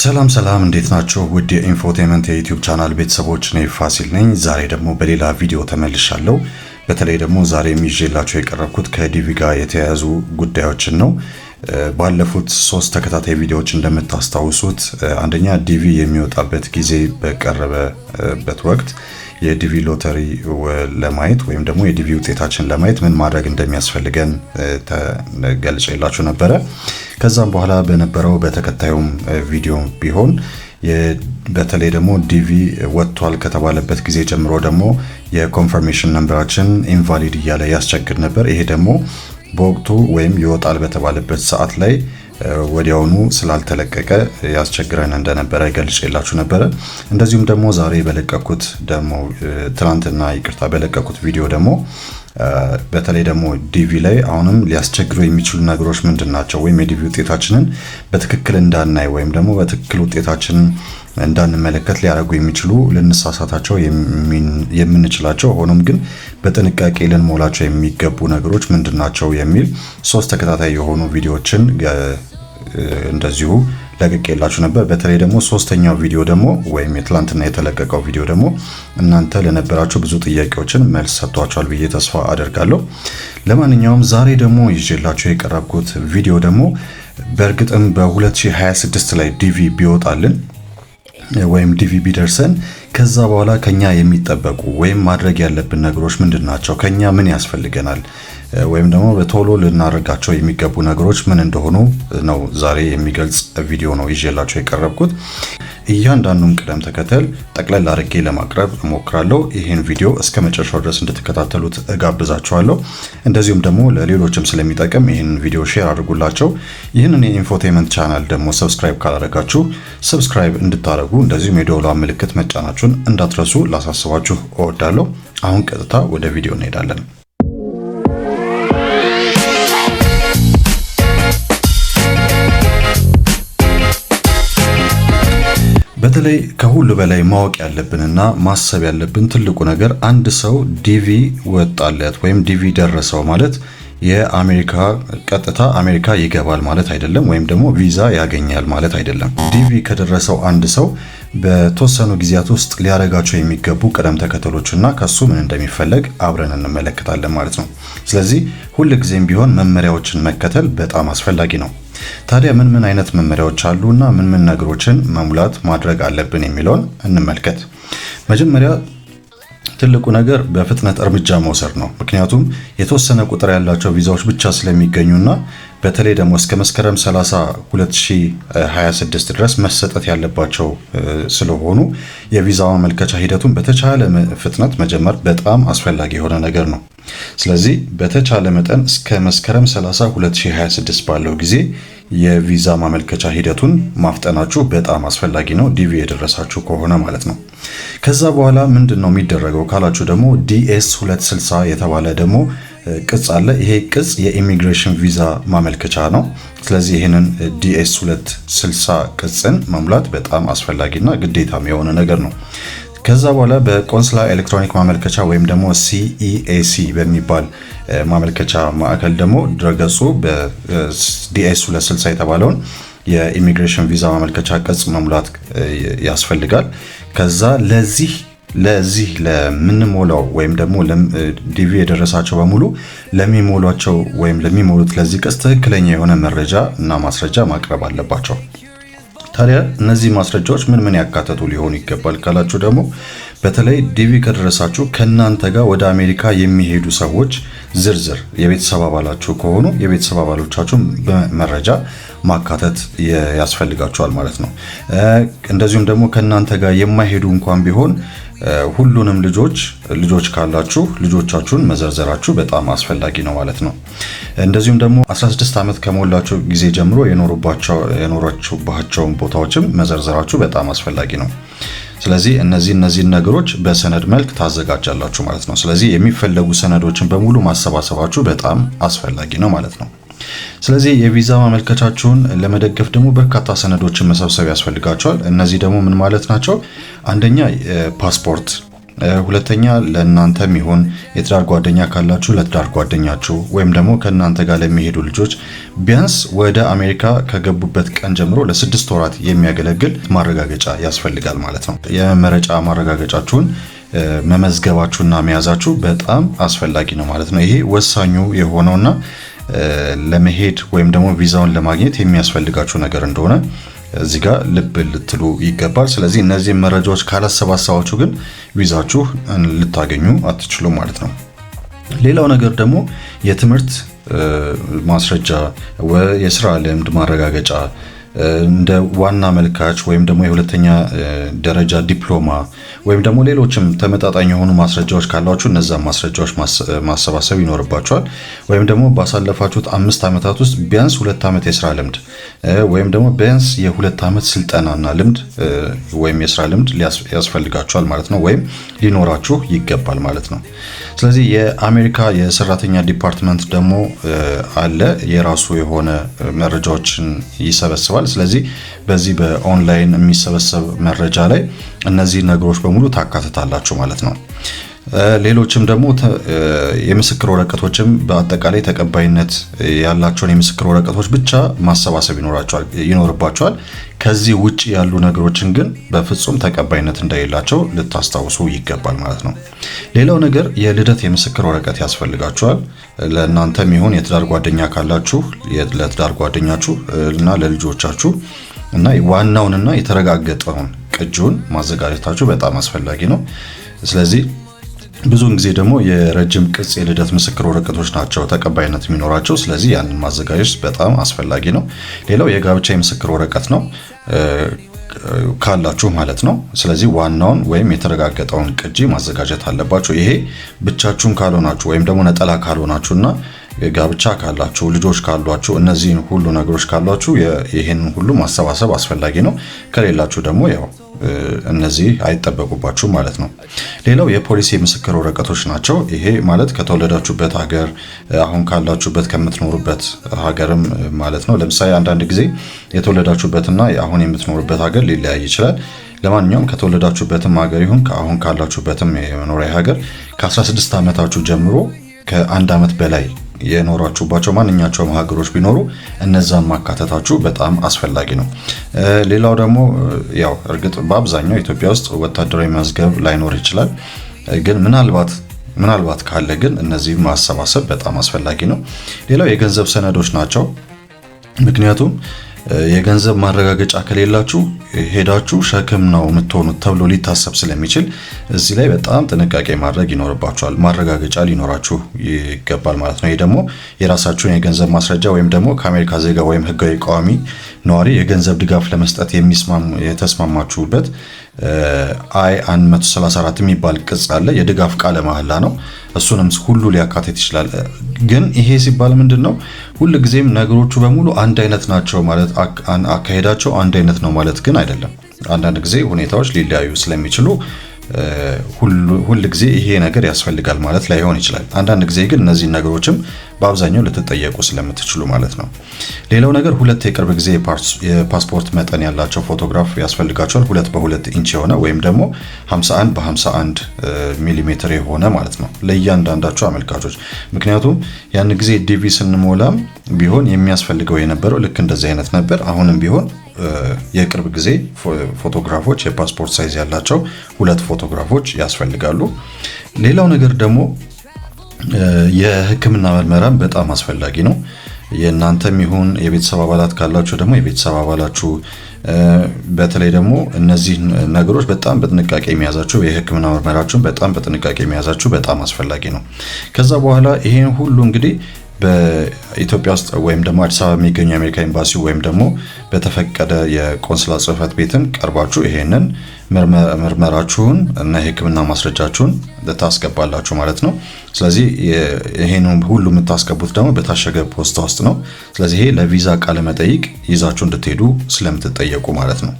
ሰላም ሰላም፣ እንዴት ናችሁ? ውድ የኢንፎቴመንት የዩቲዩብ ቻናል ቤተሰቦች እኔ ፋሲል ነኝ። ዛሬ ደግሞ በሌላ ቪዲዮ ተመልሻለሁ። በተለይ ደግሞ ዛሬ የሚዤላቸው የቀረብኩት ከዲቪ ጋር የተያያዙ ጉዳዮችን ነው። ባለፉት ሶስት ተከታታይ ቪዲዮዎች እንደምታስታውሱት አንደኛ ዲቪ የሚወጣበት ጊዜ በቀረበበት ወቅት የዲቪ ሎተሪ ለማየት ወይም ደግሞ የዲቪ ውጤታችን ለማየት ምን ማድረግ እንደሚያስፈልገን ተገልጽ የላችሁ ነበረ። ከዛም በኋላ በነበረው በተከታዩም ቪዲዮ ቢሆን በተለይ ደግሞ ዲቪ ወጥቷል ከተባለበት ጊዜ ጀምሮ ደግሞ የኮንፈርሜሽን ነምበራችን ኢንቫሊድ እያለ ያስቸግር ነበር። ይሄ ደግሞ በወቅቱ ወይም ይወጣል በተባለበት ሰዓት ላይ ወዲያውኑ ስላልተለቀቀ ያስቸግረን እንደነበረ ገልጬላችሁ ነበረ። እንደዚሁም ደግሞ ዛሬ በለቀኩት ደግሞ ትናንትና ይቅርታ በለቀኩት ቪዲዮ ደግሞ በተለይ ደግሞ ዲቪ ላይ አሁንም ሊያስቸግሩ የሚችሉ ነገሮች ምንድን ናቸው? ወይም የዲቪ ውጤታችንን በትክክል እንዳናይ ወይም ደግሞ በትክክል ውጤታችንን እንዳንመለከት ሊያደርጉ የሚችሉ ልንሳሳታቸው የምንችላቸው ሆኖም ግን በጥንቃቄ ልንሞላቸው የሚገቡ ነገሮች ምንድን ናቸው የሚል ሶስት ተከታታይ የሆኑ ቪዲዮዎችን እንደዚሁ ለቅቄላችሁ ነበር። በተለይ ደግሞ ሶስተኛው ቪዲዮ ደግሞ ወይም የትላንትና የተለቀቀው ቪዲዮ ደግሞ እናንተ ለነበራችሁ ብዙ ጥያቄዎችን መልስ ሰጥቷቸዋል ብዬ ተስፋ አደርጋለሁ። ለማንኛውም ዛሬ ደግሞ ይዤላችሁ የቀረብኩት ቪዲዮ ደግሞ በእርግጥም በ2026 ላይ ዲቪ ቢወጣልን ወይም ዲቪ ቢደርሰን ከዛ በኋላ ከኛ የሚጠበቁ ወይም ማድረግ ያለብን ነገሮች ምንድን ናቸው? ከኛ ምን ያስፈልገናል? ወይም ደግሞ በቶሎ ልናደርጋቸው የሚገቡ ነገሮች ምን እንደሆኑ ነው ዛሬ የሚገልጽ ቪዲዮ ነው ይዤላቸው የቀረብኩት። እያንዳንዱን ቅደም ተከተል ጠቅለል አድርጌ ለማቅረብ እሞክራለሁ። ይህን ቪዲዮ እስከ መጨረሻው ድረስ እንድትከታተሉት እጋብዛችኋለሁ። እንደዚሁም ደግሞ ለሌሎችም ስለሚጠቅም ይህን ቪዲዮ ሼር አድርጉላቸው። ይህንን የኢንፎቴመንት ቻናል ደግሞ ሰብስክራይብ ካላደረጋችሁ ሰብስክራይብ እንድታደርጉ እንደዚሁም የደወሏን ምልክት መጫናችሁን እንዳትረሱ ላሳስባችሁ እወዳለሁ። አሁን ቀጥታ ወደ ቪዲዮ እንሄዳለን። በተለይ ከሁሉ በላይ ማወቅ ያለብንና ማሰብ ያለብን ትልቁ ነገር አንድ ሰው ዲቪ ወጣለት ወይም ዲቪ ደረሰው ማለት የአሜሪካ ቀጥታ አሜሪካ ይገባል ማለት አይደለም፣ ወይም ደግሞ ቪዛ ያገኛል ማለት አይደለም። ዲቪ ከደረሰው አንድ ሰው በተወሰኑ ጊዜያት ውስጥ ሊያደርጋቸው የሚገቡ ቅደም እና ከሱ ምን እንደሚፈለግ አብረን እንመለከታለን ማለት ነው። ስለዚህ ጊዜም ቢሆን መመሪያዎችን መከተል በጣም አስፈላጊ ነው። ታዲያ ምን ምን አይነት መመሪያዎች አሉ እና ምን ምን ነገሮችን መሙላት ማድረግ አለብን የሚለውን እንመልከት። መጀመሪያ ትልቁ ነገር በፍጥነት እርምጃ መውሰድ ነው። ምክንያቱም የተወሰነ ቁጥር ያላቸው ቪዛዎች ብቻ ስለሚገኙና በተለይ ደግሞ እስከ መስከረም 30 2026 ድረስ መሰጠት ያለባቸው ስለሆኑ የቪዛ ማመልከቻ ሂደቱን በተቻለ ፍጥነት መጀመር በጣም አስፈላጊ የሆነ ነገር ነው። ስለዚህ በተቻለ መጠን እስከ መስከረም 30 2026 ባለው ጊዜ የቪዛ ማመልከቻ ሂደቱን ማፍጠናችሁ በጣም አስፈላጊ ነው፣ ዲቪ የደረሳችሁ ከሆነ ማለት ነው። ከዛ በኋላ ምንድን ነው የሚደረገው ካላችሁ ደግሞ ዲኤስ 260 የተባለ ደግሞ ቅጽ አለ። ይሄ ቅጽ የኢሚግሬሽን ቪዛ ማመልከቻ ነው። ስለዚህ ይህንን ዲኤስ 260 ቅጽን መሙላት በጣም አስፈላጊና ግዴታም የሆነ ነገር ነው። ከዛ በኋላ በቆንስላ ኤሌክትሮኒክ ማመልከቻ ወይም ደግሞ ሲኢኤሲ e በሚባል ማመልከቻ ማዕከል ደግሞ ድረገጹ በዲኤስ 260 የተባለውን የኢሚግሬሽን ቪዛ ማመልከቻ ቅጽ መሙላት ያስፈልጋል። ከዛ ለዚህ ለዚህ ለምንሞላው ወይም ደግሞ ዲቪ የደረሳቸው በሙሉ ለሚሞሏቸው ወይም ለሚሞሉት ለዚህ ቅጽ ትክክለኛ የሆነ መረጃ እና ማስረጃ ማቅረብ አለባቸው። ታዲያ እነዚህ ማስረጃዎች ምን ምን ያካተቱ ሊሆኑ ይገባል ካላችሁ ደግሞ በተለይ ዲቪ ከደረሳችሁ ከእናንተ ጋር ወደ አሜሪካ የሚሄዱ ሰዎች ዝርዝር የቤተሰብ አባላችሁ ከሆኑ የቤተሰብ አባሎቻችሁን በመረጃ ማካተት ያስፈልጋችኋል ማለት ነው። እንደዚሁም ደግሞ ከእናንተ ጋር የማይሄዱ እንኳን ቢሆን ሁሉንም ልጆች ልጆች ካላችሁ ልጆቻችሁን መዘርዘራችሁ በጣም አስፈላጊ ነው ማለት ነው። እንደዚሁም ደግሞ 16 ዓመት ከሞላቸው ጊዜ ጀምሮ የኖሯችሁባቸውን ቦታዎችም መዘርዘራችሁ በጣም አስፈላጊ ነው። ስለዚህ እነዚህ እነዚህን ነገሮች በሰነድ መልክ ታዘጋጃላችሁ ማለት ነው። ስለዚህ የሚፈለጉ ሰነዶችን በሙሉ ማሰባሰባችሁ በጣም አስፈላጊ ነው ማለት ነው። ስለዚህ የቪዛ ማመልከቻችሁን ለመደገፍ ደግሞ በርካታ ሰነዶችን መሰብሰብ ያስፈልጋቸዋል። እነዚህ ደግሞ ምን ማለት ናቸው? አንደኛ ፓስፖርት ሁለተኛ ለእናንተ የሚሆን የትዳር ጓደኛ ካላችሁ ለትዳር ጓደኛችሁ ወይም ደግሞ ከእናንተ ጋር ለሚሄዱ ልጆች ቢያንስ ወደ አሜሪካ ከገቡበት ቀን ጀምሮ ለስድስት ወራት የሚያገለግል ማረጋገጫ ያስፈልጋል ማለት ነው። የመረጫ ማረጋገጫችሁን መመዝገባችሁና መያዛችሁ በጣም አስፈላጊ ነው ማለት ነው። ይሄ ወሳኙ የሆነውና ለመሄድ ወይም ደግሞ ቪዛውን ለማግኘት የሚያስፈልጋችሁ ነገር እንደሆነ እዚህ ጋር ልብ ልትሉ ይገባል። ስለዚህ እነዚህ መረጃዎች ካላሰባሰባችሁ ግን ቪዛችሁ ልታገኙ አትችሉም ማለት ነው። ሌላው ነገር ደግሞ የትምህርት ማስረጃ፣ የስራ ልምድ ማረጋገጫ እንደ ዋና መልካች ወይም ደግሞ የሁለተኛ ደረጃ ዲፕሎማ ወይም ደግሞ ሌሎችም ተመጣጣኝ የሆኑ ማስረጃዎች ካሏችሁ እነዛን ማስረጃዎች ማሰባሰብ ይኖርባቸዋል። ወይም ደግሞ ባሳለፋችሁት አምስት ዓመታት ውስጥ ቢያንስ ሁለት ዓመት የስራ ልምድ ወይም ደግሞ ቢያንስ የሁለት ዓመት ስልጠናና ልምድ ወይም የስራ ልምድ ያስፈልጋችኋል ማለት ነው፣ ወይም ሊኖራችሁ ይገባል ማለት ነው። ስለዚህ የአሜሪካ የሰራተኛ ዲፓርትመንት ደግሞ አለ። የራሱ የሆነ መረጃዎችን ይሰበስባል። ስለዚህ በዚህ በኦንላይን የሚሰበሰብ መረጃ ላይ እነዚህ ነገሮች በሙሉ ታካትታላችሁ ማለት ነው። ሌሎችም ደግሞ የምስክር ወረቀቶችም በአጠቃላይ ተቀባይነት ያላቸውን የምስክር ወረቀቶች ብቻ ማሰባሰብ ይኖርባቸዋል። ከዚህ ውጭ ያሉ ነገሮችን ግን በፍጹም ተቀባይነት እንደሌላቸው ልታስታውሱ ይገባል ማለት ነው። ሌላው ነገር የልደት የምስክር ወረቀት ያስፈልጋቸዋል ለእናንተም ይሁን የትዳር ጓደኛ ካላችሁ ለትዳር ጓደኛችሁ እና ለልጆቻችሁ እና ዋናውንና የተረጋገጠውን ቅጂውን ማዘጋጀታችሁ በጣም አስፈላጊ ነው። ስለዚህ ብዙውን ጊዜ ደግሞ የረጅም ቅጽ የልደት ምስክር ወረቀቶች ናቸው ተቀባይነት የሚኖራቸው። ስለዚህ ያንን ማዘጋጀት በጣም አስፈላጊ ነው። ሌላው የጋብቻ የምስክር ወረቀት ነው ካላችሁ ማለት ነው። ስለዚህ ዋናውን ወይም የተረጋገጠውን ቅጂ ማዘጋጀት አለባችሁ። ይሄ ብቻችሁን ካልሆናችሁ ወይም ደግሞ ነጠላ ካልሆናችሁ እና ጋብቻ ካላችሁ ልጆች ካሏችሁ እነዚህን ሁሉ ነገሮች ካሏችሁ ይህንን ሁሉ ማሰባሰብ አስፈላጊ ነው። ከሌላችሁ ደግሞ ያው እነዚህ አይጠበቁባችሁ ማለት ነው። ሌላው የፖሊሲ የምስክር ወረቀቶች ናቸው። ይሄ ማለት ከተወለዳችሁበት ሀገር፣ አሁን ካላችሁበት፣ ከምትኖሩበት ሀገርም ማለት ነው። ለምሳሌ አንዳንድ ጊዜ የተወለዳችሁበትና አሁን የምትኖሩበት ሀገር ሊለያይ ይችላል። ለማንኛውም ከተወለዳችሁበትም ሀገር ይሁን አሁን ካላችሁበትም የመኖሪያ ሀገር ከ16 ዓመታችሁ ጀምሮ ከአንድ ዓመት በላይ የኖራችሁባቸው ማንኛቸውም ሀገሮች ቢኖሩ እነዛን ማካተታችሁ በጣም አስፈላጊ ነው። ሌላው ደግሞ ያው እርግጥ በአብዛኛው ኢትዮጵያ ውስጥ ወታደራዊ መዝገብ ላይኖር ይችላል። ግን ምናልባት ምናልባት ካለ ግን እነዚህ ማሰባሰብ በጣም አስፈላጊ ነው። ሌላው የገንዘብ ሰነዶች ናቸው። ምክንያቱም የገንዘብ ማረጋገጫ ከሌላችሁ ሄዳችሁ ሸክም ነው የምትሆኑት ተብሎ ሊታሰብ ስለሚችል እዚህ ላይ በጣም ጥንቃቄ ማድረግ ይኖርባችኋል። ማረጋገጫ ሊኖራችሁ ይገባል ማለት ነው። ይህ ደግሞ የራሳችሁን የገንዘብ ማስረጃ ወይም ደግሞ ከአሜሪካ ዜጋ ወይም ሕጋዊ ቋሚ ነዋሪ የገንዘብ ድጋፍ ለመስጠት የተስማማችሁበት አይ 134 የሚባል ቅጽ አለ። የድጋፍ ቃለ መሐላ ነው። እሱንም ሁሉ ሊያካትት ይችላል። ግን ይሄ ሲባል ምንድን ነው? ሁልጊዜም ነገሮቹ በሙሉ አንድ አይነት ናቸው ማለት አካሄዳቸው አንድ አይነት ነው ማለት ግን አይደለም። አንዳንድ ጊዜ ሁኔታዎች ሊለያዩ ስለሚችሉ ሁል ጊዜ ይሄ ነገር ያስፈልጋል ማለት ላይሆን ይችላል። አንዳንድ ጊዜ ግን እነዚህን ነገሮችም በአብዛኛው ልትጠየቁ ስለምትችሉ ማለት ነው። ሌላው ነገር ሁለት የቅርብ ጊዜ የፓስፖርት መጠን ያላቸው ፎቶግራፍ ያስፈልጋቸዋል። ሁለት በሁለት ኢንች የሆነ ወይም ደግሞ 51 በ51 ሚሊሜትር የሆነ ማለት ነው ለእያንዳንዳቸው አመልካቾች። ምክንያቱም ያን ጊዜ ዲቪ ስንሞላም ቢሆን የሚያስፈልገው የነበረው ልክ እንደዚህ አይነት ነበር። አሁንም ቢሆን የቅርብ ጊዜ ፎቶግራፎች የፓስፖርት ሳይዝ ያላቸው ሁለት ፎቶግራፎች ያስፈልጋሉ። ሌላው ነገር ደግሞ የህክምና ምርመራም በጣም አስፈላጊ ነው። የእናንተም ይሁን የቤተሰብ አባላት ካላችሁ ደግሞ የቤተሰብ አባላችሁ በተለይ ደግሞ እነዚህ ነገሮች በጣም በጥንቃቄ የሚያዛችሁ የህክምና ምርመራችሁን በጣም በጥንቃቄ የሚያዛችሁ በጣም አስፈላጊ ነው። ከዛ በኋላ ይሄን ሁሉ እንግዲህ በኢትዮጵያ ውስጥ ወይም ደግሞ አዲስ አበባ የሚገኙ የአሜሪካ ኤምባሲ ወይም ደግሞ በተፈቀደ የቆንስላ ጽህፈት ቤትም ቀርባችሁ ይሄንን ምርመራችሁን እና የሕክምና ማስረጃችሁን ታስገባላችሁ ማለት ነው። ስለዚህ ይሄን ሁሉ የምታስገቡት ደግሞ በታሸገ ፖስታ ውስጥ ነው። ስለዚህ ይሄ ለቪዛ ቃለ መጠይቅ ይዛችሁ እንድትሄዱ ስለምትጠየቁ ማለት ነው።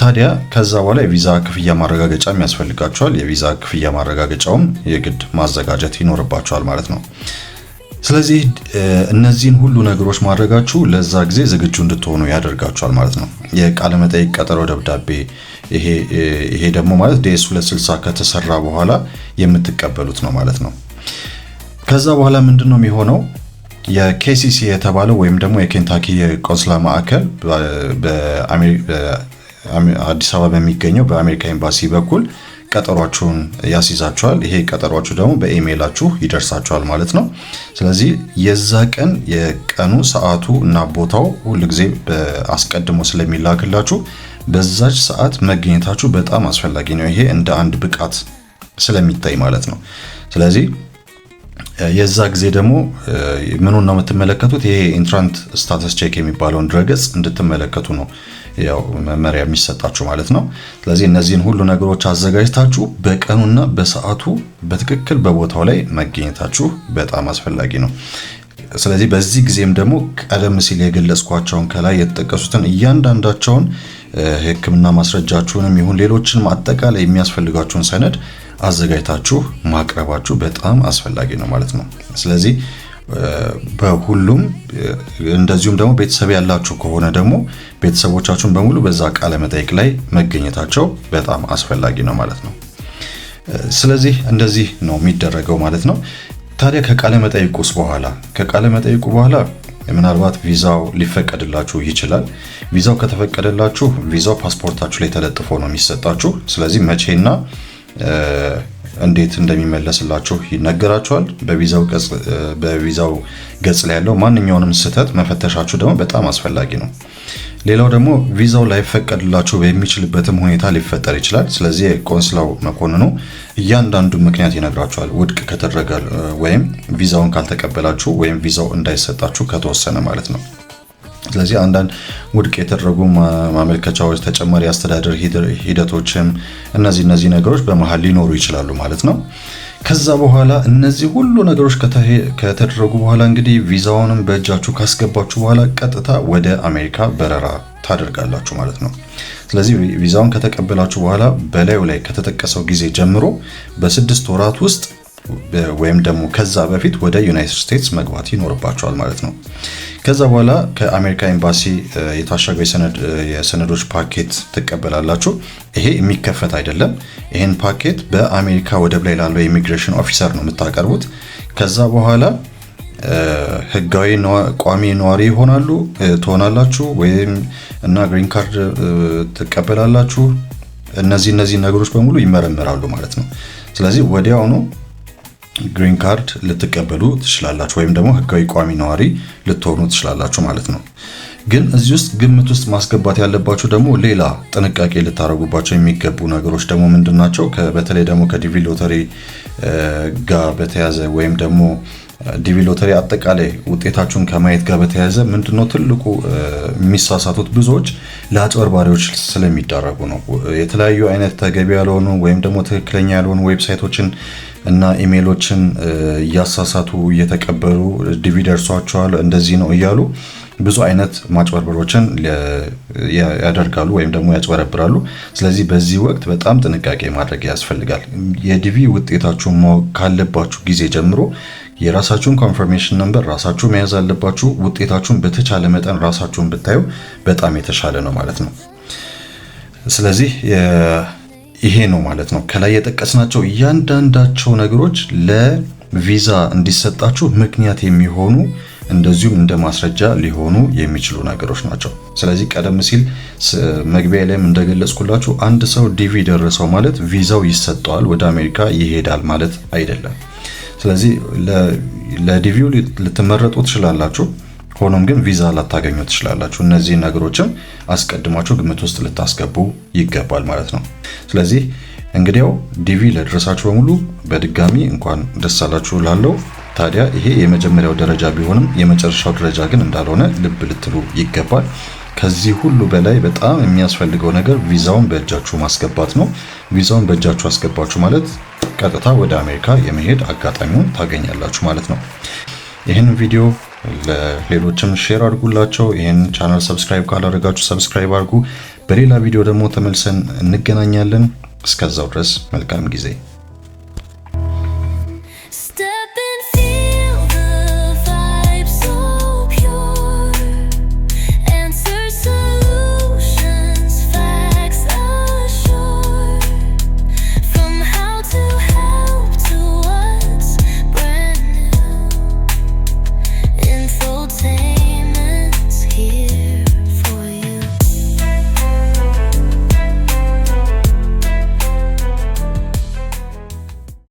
ታዲያ ከዛ በኋላ የቪዛ ክፍያ ማረጋገጫም ያስፈልጋቸዋል። የቪዛ ክፍያ ማረጋገጫውም የግድ ማዘጋጀት ይኖርባቸዋል ማለት ነው። ስለዚህ እነዚህን ሁሉ ነገሮች ማድረጋችሁ ለዛ ጊዜ ዝግጁ እንድትሆኑ ያደርጋችኋል ማለት ነው። የቃለ መጠይቅ ቀጠሮ ደብዳቤ ይሄ ደግሞ ማለት ዴስ 260 ከተሰራ በኋላ የምትቀበሉት ነው ማለት ነው። ከዛ በኋላ ምንድን ነው የሚሆነው? የኬሲሲ የተባለው ወይም ደግሞ የኬንታኪ የቆንስላ ማዕከል አዲስ አበባ በሚገኘው በአሜሪካ ኤምባሲ በኩል ቀጠሯችሁን ያስይዛችኋል። ይሄ ቀጠሯችሁ ደግሞ በኢሜይላችሁ ይደርሳችኋል ማለት ነው። ስለዚህ የዛ ቀን የቀኑ ሰዓቱ እና ቦታው ሁልጊዜ አስቀድሞ ስለሚላክላችሁ በዛች ሰዓት መገኘታችሁ በጣም አስፈላጊ ነው። ይሄ እንደ አንድ ብቃት ስለሚታይ ማለት ነው። ስለዚህ የዛ ጊዜ ደግሞ ምኑን ነው የምትመለከቱት? ይሄ ኢንትራንት ስታተስ ቼክ የሚባለውን ድረገጽ እንድትመለከቱ ነው ያው መመሪያ የሚሰጣችሁ ማለት ነው። ስለዚህ እነዚህን ሁሉ ነገሮች አዘጋጅታችሁ በቀኑና በሰዓቱ በትክክል በቦታው ላይ መገኘታችሁ በጣም አስፈላጊ ነው። ስለዚህ በዚህ ጊዜም ደግሞ ቀደም ሲል የገለጽኳቸውን ከላይ የተጠቀሱትን እያንዳንዳቸውን ህክምና ማስረጃችሁንም ይሁን ሌሎችንም አጠቃላይ የሚያስፈልጋችሁን ሰነድ አዘጋጅታችሁ ማቅረባችሁ በጣም አስፈላጊ ነው ማለት ነው። ስለዚህ በሁሉም እንደዚሁም ደግሞ ቤተሰብ ያላችሁ ከሆነ ደግሞ ቤተሰቦቻችሁን በሙሉ በዛ ቃለ መጠይቅ ላይ መገኘታቸው በጣም አስፈላጊ ነው ማለት ነው። ስለዚህ እንደዚህ ነው የሚደረገው ማለት ነው። ታዲያ ከቃለ ውስጥ በኋላ ከቃለ መጠይቁ በኋላ ምናልባት ቪዛው ሊፈቀድላችሁ ይችላል። ቪዛው ከተፈቀደላችሁ ቪዛው ፓስፖርታችሁ ላይ ተለጥፎ ነው የሚሰጣችሁ። ስለዚህ መቼና እንዴት እንደሚመለስላችሁ ይነገራችኋል። በቪዛው ገጽ ላይ ያለው ማንኛውንም ስህተት መፈተሻችሁ ደግሞ በጣም አስፈላጊ ነው። ሌላው ደግሞ ቪዛው ላይፈቀድላችሁ በሚችልበትም ሁኔታ ሊፈጠር ይችላል። ስለዚህ ቆንስላው መኮንኑ እያንዳንዱ ምክንያት ይነግራችኋል። ውድቅ ከተደረገ ወይም ቪዛውን ካልተቀበላችሁ ወይም ቪዛው እንዳይሰጣችሁ ከተወሰነ ማለት ነው። ስለዚህ አንዳንድ ውድቅ የተደረጉ ማመልከቻዎች፣ ተጨማሪ አስተዳደር ሂደቶችም እነዚህ እነዚህ ነገሮች በመሀል ሊኖሩ ይችላሉ ማለት ነው። ከዛ በኋላ እነዚህ ሁሉ ነገሮች ከተደረጉ በኋላ እንግዲህ ቪዛውንም በእጃችሁ ካስገባችሁ በኋላ ቀጥታ ወደ አሜሪካ በረራ ታደርጋላችሁ ማለት ነው። ስለዚህ ቪዛውን ከተቀበላችሁ በኋላ በላዩ ላይ ከተጠቀሰው ጊዜ ጀምሮ በስድስት ወራት ውስጥ ወይም ደግሞ ከዛ በፊት ወደ ዩናይትድ ስቴትስ መግባት ይኖርባቸዋል ማለት ነው። ከዛ በኋላ ከአሜሪካ ኤምባሲ የታሸገው የሰነዶች ፓኬት ትቀበላላችሁ። ይሄ የሚከፈት አይደለም። ይህን ፓኬት በአሜሪካ ወደብ ላይ ላለው የኢሚግሬሽን ኦፊሰር ነው የምታቀርቡት። ከዛ በኋላ ህጋዊ ቋሚ ነዋሪ ይሆናሉ ትሆናላችሁ፣ ወይም እና ግሪን ካርድ ትቀበላላችሁ። እነዚህ እነዚህ ነገሮች በሙሉ ይመረምራሉ ማለት ነው። ስለዚህ ወዲያውኑ ግሪን ካርድ ልትቀበሉ ትችላላችሁ፣ ወይም ደግሞ ህጋዊ ቋሚ ነዋሪ ልትሆኑ ትችላላችሁ ማለት ነው። ግን እዚህ ውስጥ ግምት ውስጥ ማስገባት ያለባችሁ ደግሞ ሌላ ጥንቃቄ ልታደርጉባቸው የሚገቡ ነገሮች ደግሞ ምንድን ናቸው? በተለይ ደግሞ ከዲቪ ሎተሪ ጋር በተያዘ ወይም ደግሞ ዲቪ ሎተሪ አጠቃላይ ውጤታችሁን ከማየት ጋር በተያያዘ ምንድነው ትልቁ የሚሳሳቱት ብዙዎች ለአጭበርባሪዎች ስለሚዳረጉ ነው። የተለያዩ አይነት ተገቢ ያልሆኑ ወይም ደግሞ ትክክለኛ ያልሆኑ ዌብሳይቶችን እና ኢሜሎችን እያሳሳቱ እየተቀበሉ ዲቪ ደርሷቸዋል እንደዚህ ነው እያሉ ብዙ አይነት ማጭበርበሮችን ያደርጋሉ ወይም ደግሞ ያጭበረብራሉ። ስለዚህ በዚህ ወቅት በጣም ጥንቃቄ ማድረግ ያስፈልጋል። የዲቪ ውጤታችሁን ማወቅ ካለባችሁ ጊዜ ጀምሮ የራሳችሁን ኮንፈርሜሽን ነንበር ራሳችሁ መያዝ አለባችሁ። ውጤታችሁን በተቻለ መጠን ራሳችሁን ብታዩ በጣም የተሻለ ነው ማለት ነው። ስለዚህ ይሄ ነው ማለት ነው። ከላይ የጠቀስናቸው እያንዳንዳቸው ነገሮች ለቪዛ እንዲሰጣችሁ ምክንያት የሚሆኑ እንደዚሁም እንደ ማስረጃ ሊሆኑ የሚችሉ ነገሮች ናቸው። ስለዚህ ቀደም ሲል መግቢያ ላይም እንደገለጽኩላችሁ አንድ ሰው ዲቪ ደረሰው ማለት ቪዛው ይሰጠዋል፣ ወደ አሜሪካ ይሄዳል ማለት አይደለም። ስለዚህ ለዲቪው ልትመረጡ ትችላላችሁ። ሆኖም ግን ቪዛ ላታገኙ ትችላላችሁ። እነዚህ ነገሮችም አስቀድማችሁ ግምት ውስጥ ልታስገቡ ይገባል ማለት ነው። ስለዚህ እንግዲያው ዲቪ ለደረሳችሁ በሙሉ በድጋሚ እንኳን ደስ አላችሁ ላለው ታዲያ ይሄ የመጀመሪያው ደረጃ ቢሆንም የመጨረሻው ደረጃ ግን እንዳልሆነ ልብ ልትሉ ይገባል። ከዚህ ሁሉ በላይ በጣም የሚያስፈልገው ነገር ቪዛውን በእጃችሁ ማስገባት ነው። ቪዛውን በእጃችሁ አስገባችሁ ማለት ቀጥታ ወደ አሜሪካ የመሄድ አጋጣሚውን ታገኛላችሁ ማለት ነው። ይህን ቪዲዮ ለሌሎችም ሼር አድርጉላቸው። ይህን ቻናል ሰብስክራይብ ካላደረጋችሁ ሰብስክራይብ አድርጉ። በሌላ ቪዲዮ ደግሞ ተመልሰን እንገናኛለን። እስከዛው ድረስ መልካም ጊዜ